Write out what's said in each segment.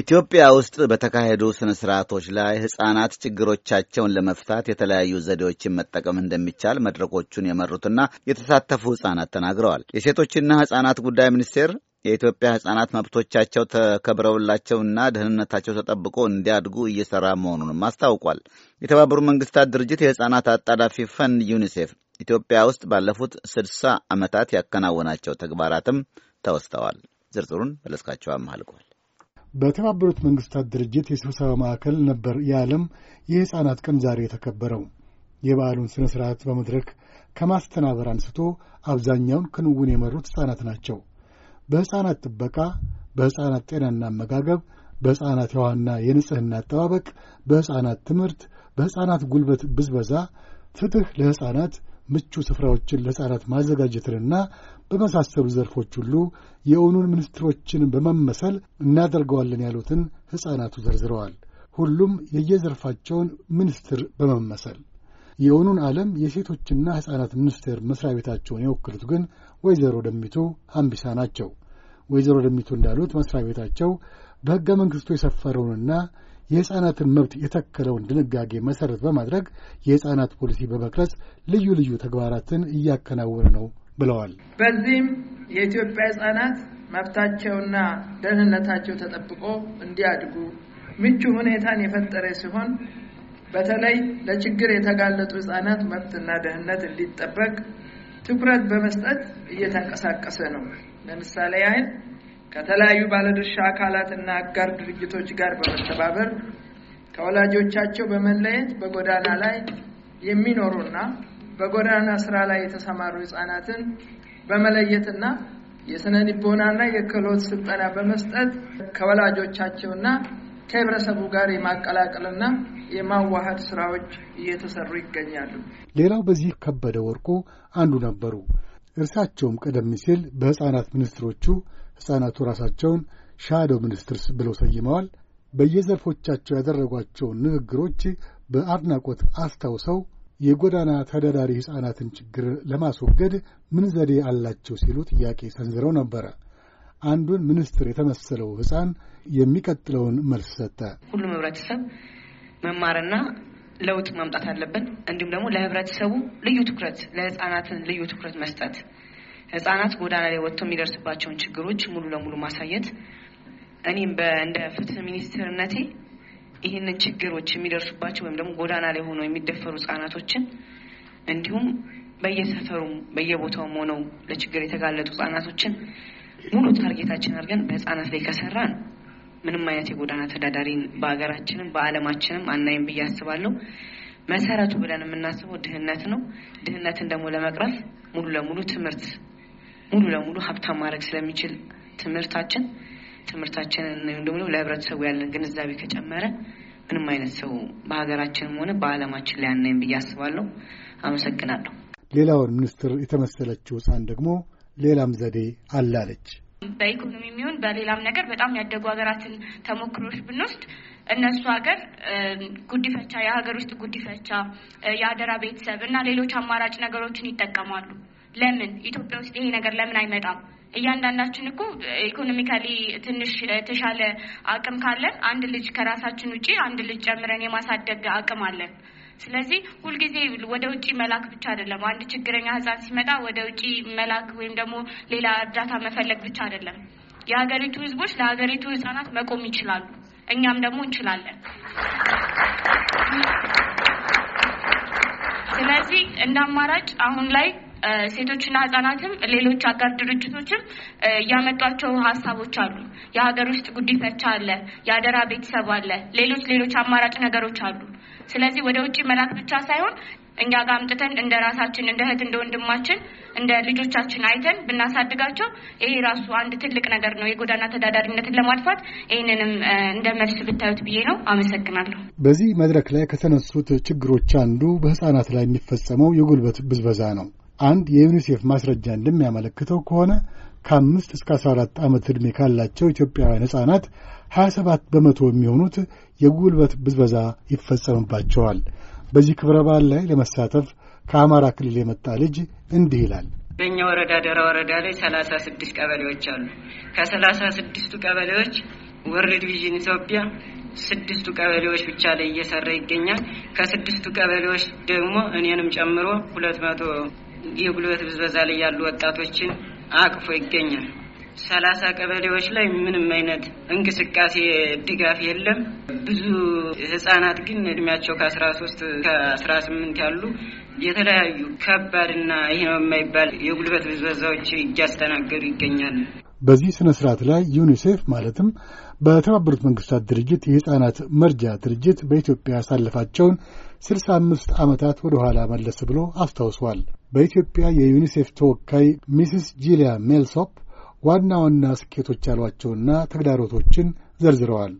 ኢትዮጵያ ውስጥ በተካሄዱ ስነ ስርዓቶች ላይ ህጻናት ችግሮቻቸውን ለመፍታት የተለያዩ ዘዴዎችን መጠቀም እንደሚቻል መድረኮቹን የመሩትና የተሳተፉ ህጻናት ተናግረዋል። የሴቶችና ህጻናት ጉዳይ ሚኒስቴር የኢትዮጵያ ህጻናት መብቶቻቸው ተከብረውላቸውና ደህንነታቸው ተጠብቆ እንዲያድጉ እየሰራ መሆኑንም አስታውቋል። የተባበሩ መንግስታት ድርጅት የህጻናት አጣዳፊ ፈንድ ዩኒሴፍ ኢትዮጵያ ውስጥ ባለፉት ስድሳ ዓመታት ያከናወናቸው ተግባራትም ተወስተዋል። ዝርዝሩን መለስካቸው አማልቋል። በተባበሩት መንግስታት ድርጅት የስብሰባ ማዕከል ነበር የዓለም የሕፃናት ቀን ዛሬ የተከበረው። የበዓሉን ሥነ ሥርዓት በመድረክ ከማስተናበር አንስቶ አብዛኛውን ክንውን የመሩት ሕፃናት ናቸው። በሕፃናት ጥበቃ፣ በሕፃናት ጤናና አመጋገብ፣ በሕፃናት የውሃና የንጽሕና አጠባበቅ፣ በሕፃናት ትምህርት፣ በሕፃናት ጉልበት ብዝበዛ፣ ፍትሕ ለሕፃናት ምቹ ስፍራዎችን ለሕፃናት ማዘጋጀትንና በመሳሰሉ ዘርፎች ሁሉ የእውኑን ሚኒስትሮችን በመመሰል እናደርገዋለን ያሉትን ሕፃናቱ ዘርዝረዋል። ሁሉም የየዘርፋቸውን ሚኒስትር በመመሰል የእውኑን ዓለም የሴቶችና ሕፃናት ሚኒስቴር መሥሪያ ቤታቸውን የወክሉት ግን ወይዘሮ ደሚቱ አምቢሳ ናቸው። ወይዘሮ ደሚቱ እንዳሉት መሥሪያ ቤታቸው በሕገ መንግሥቱ የሰፈረውንና የሕፃናትን መብት የተከለውን ድንጋጌ መሠረት በማድረግ የሕፃናት ፖሊሲ በመቅረጽ ልዩ ልዩ ተግባራትን እያከናወነ ነው ብለዋል። በዚህም የኢትዮጵያ ህጻናት መብታቸውና ደህንነታቸው ተጠብቆ እንዲያድጉ ምቹ ሁኔታን የፈጠረ ሲሆን በተለይ ለችግር የተጋለጡ ህጻናት መብትና ደህንነት እንዲጠበቅ ትኩረት በመስጠት እየተንቀሳቀሰ ነው። ለምሳሌ ያህል ከተለያዩ ባለድርሻ አካላትና አጋር ድርጅቶች ጋር በመተባበር ከወላጆቻቸው በመለየት በጎዳና ላይ የሚኖሩና በጎዳና ስራ ላይ የተሰማሩ ህጻናትን በመለየትና የስነ ልቦናና የክህሎት ስልጠና በመስጠት ከወላጆቻቸውና ከህብረተሰቡ ጋር የማቀላቀልና የማዋሃድ ስራዎች እየተሰሩ ይገኛሉ። ሌላው በዚህ ከበደ ወርቁ አንዱ ነበሩ። እርሳቸውም ቀደም ሲል በህጻናት ሚኒስትሮቹ ህጻናቱ ራሳቸውን ሻዶ ሚኒስትርስ ብለው ሰይመዋል። በየዘርፎቻቸው ያደረጓቸውን ንግግሮች በአድናቆት አስታውሰው የጎዳና ተዳዳሪ ሕፃናትን ችግር ለማስወገድ ምን ዘዴ አላቸው ሲሉ ጥያቄ ሰንዝረው ነበረ። አንዱን ሚኒስትር የተመሰለው ሕፃን የሚቀጥለውን መልስ ሰጠ። ሁሉም ህብረተሰብ መማርና ለውጥ ማምጣት አለብን። እንዲሁም ደግሞ ለህብረተሰቡ ልዩ ትኩረት፣ ለህፃናትን ልዩ ትኩረት መስጠት፣ ህፃናት ጎዳና ላይ ወጥተው የሚደርስባቸውን ችግሮች ሙሉ ለሙሉ ማሳየት እኔም እንደ ፍትህ ሚኒስትርነቴ ይህንን ችግሮች የሚደርሱባቸው ወይም ደግሞ ጎዳና ላይ ሆነው የሚደፈሩ ህጻናቶችን እንዲሁም በየሰፈሩም በየቦታውም ሆነው ለችግር የተጋለጡ ህጻናቶችን ሙሉ ታርጌታችን አድርገን በህጻናት ላይ ከሰራን ምንም አይነት የጎዳና ተዳዳሪን በሀገራችንም በዓለማችንም አናይም ብዬ አስባለሁ። መሰረቱ ብለን የምናስበው ድህነት ነው። ድህነትን ደግሞ ለመቅረፍ ሙሉ ለሙሉ ትምህርት ሙሉ ለሙሉ ሀብታም ማድረግ ስለሚችል ትምህርታችን ትምህርታችንን ወይም ደግሞ ለህብረተሰቡ ያለን ግንዛቤ ከጨመረ ምንም አይነት ሰው በሀገራችንም ሆነ በዓለማችን ላይ አናይም ብዬ አስባለሁ። አመሰግናለሁ። ሌላውን ሚኒስትር የተመሰለችው ህፃን ደግሞ ሌላም ዘዴ አላለች። በኢኮኖሚ የሚሆን በሌላም ነገር በጣም ያደጉ ሀገራትን ተሞክሮች ብንወስድ እነሱ ሀገር ጉዲፈቻ፣ የሀገር ውስጥ ጉዲፈቻ፣ የአደራ ቤተሰብ እና ሌሎች አማራጭ ነገሮችን ይጠቀማሉ። ለምን ኢትዮጵያ ውስጥ ይሄ ነገር ለምን አይመጣም? እያንዳንዳችን እኮ ኢኮኖሚካሊ ትንሽ የተሻለ አቅም ካለን አንድ ልጅ ከራሳችን ውጪ አንድ ልጅ ጨምረን የማሳደግ አቅም አለን። ስለዚህ ሁልጊዜ ወደ ውጭ መላክ ብቻ አይደለም። አንድ ችግረኛ ህፃን ሲመጣ ወደ ውጭ መላክ ወይም ደግሞ ሌላ እርዳታ መፈለግ ብቻ አይደለም። የሀገሪቱ ህዝቦች ለሀገሪቱ ህፃናት መቆም ይችላሉ። እኛም ደግሞ እንችላለን። ስለዚህ እንደ አማራጭ አሁን ላይ ሴቶችና ህጻናትም ሌሎች አጋር ድርጅቶችም ያመጧቸው ሀሳቦች አሉ። የሀገር ውስጥ ጉዲፈቻ አለ፣ የአደራ ቤተሰብ አለ፣ ሌሎች ሌሎች አማራጭ ነገሮች አሉ። ስለዚህ ወደ ውጭ መላክ ብቻ ሳይሆን እኛ ጋር አምጥተን እንደ ራሳችን እንደ እህት እንደ ወንድማችን እንደ ልጆቻችን አይተን ብናሳድጋቸው ይሄ ራሱ አንድ ትልቅ ነገር ነው። የጎዳና ተዳዳሪነትን ለማጥፋት ይህንንም እንደ መልስ ብታዩት ብዬ ነው። አመሰግናለሁ። በዚህ መድረክ ላይ ከተነሱት ችግሮች አንዱ በህፃናት ላይ የሚፈጸመው የጉልበት ብዝበዛ ነው። አንድ የዩኒሴፍ ማስረጃ እንደሚያመለክተው ከሆነ ከአምስት እስከ አስራ አራት ዓመት ዕድሜ ካላቸው ኢትዮጵያውያን ሕፃናት ሀያ ሰባት በመቶ የሚሆኑት የጉልበት ብዝበዛ ይፈጸምባቸዋል። በዚህ ክብረ በዓል ላይ ለመሳተፍ ከአማራ ክልል የመጣ ልጅ እንዲህ ይላል። በእኛ ወረዳ ደራ ወረዳ ላይ ሰላሳ ስድስት ቀበሌዎች አሉ። ከሰላሳ ስድስቱ ቀበሌዎች ወርልድ ቪዥን ኢትዮጵያ ስድስቱ ቀበሌዎች ብቻ ላይ እየሰራ ይገኛል። ከስድስቱ ቀበሌዎች ደግሞ እኔንም ጨምሮ ሁለት መቶ የጉልበት ብዝበዛ ላይ ያሉ ወጣቶችን አቅፎ ይገኛል። ሰላሳ ቀበሌዎች ላይ ምንም አይነት እንቅስቃሴ ድጋፍ የለም። ብዙ ህጻናት ግን እድሜያቸው ከአስራ ሶስት ከአስራ ስምንት ያሉ የተለያዩ ከባድና ይህ ነው የማይባል የጉልበት ብዝበዛዎች እያስተናገዱ ይገኛል። በዚህ ስነ ስርዓት ላይ ዩኒሴፍ ማለትም በተባበሩት መንግስታት ድርጅት የህፃናት መርጃ ድርጅት በኢትዮጵያ ያሳለፋቸውን ስልሳ አምስት ዓመታት ወደ ኋላ መለስ ብሎ አስታውሷል። በኢትዮጵያ የዩኒሴፍ ተወካይ ሚስስ ጂሊያ ሜልሶፕ ዋና ዋና ስኬቶች ያሏቸውና ተግዳሮቶችን ዘርዝረዋል።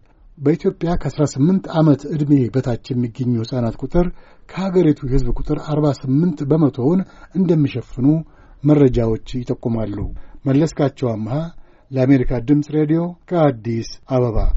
በኢትዮጵያ ከ18 ዓመት ዕድሜ በታች የሚገኙ ሕፃናት ቁጥር ከሀገሪቱ የሕዝብ ቁጥር 48 በመቶውን እንደሚሸፍኑ መረጃዎች ይጠቁማሉ። መለስካቸው አምሃ ለአሜሪካ ድምፅ ሬዲዮ ከአዲስ አበባ